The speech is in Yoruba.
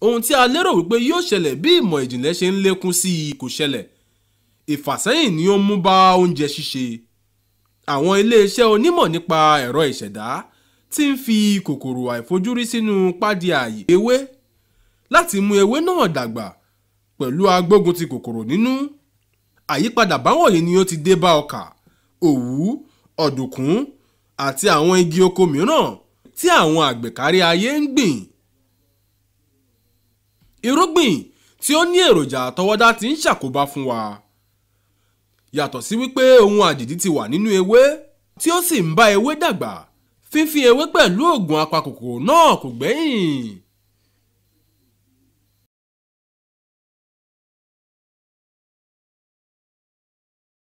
ohun tí a lérò wípé yóò ṣẹlẹ̀ bí ìmọ̀ ìjìnlẹ̀ ṣe ń lékún sí i kò ṣẹlẹ̀ ìfàsẹ́yìn ni ó ń mú bá oúnjẹ ṣíṣe àwọn iléeṣẹ́ onímọ̀ nípa ẹ̀rọ ìṣẹ̀dá ti ń fi kòkòrò àìfojúrí sínú pádi ààyè ewé láti mú ewé náà dàgbà pẹ̀lú agbógun ti kòkòrò nínú àyípadà báwọ̀nyí ni ó ti dé bá ọkà òwú ọ̀dùnkún àti àwọn igi oko mìíràn tí àwọn àgbẹ̀ kárí ayé ń gbìn irúgbìn tí ó ní èròjà àtọwọ́dá ti ń ṣàkóbá fún wa yàtọ̀ sí wípé ohun àjèjì ti wà nínú ewé tí ó sì ń bá ewé dàgbà fífi ewé pẹ̀lú oògùn apakòkòrò náà kò gbẹ́yìn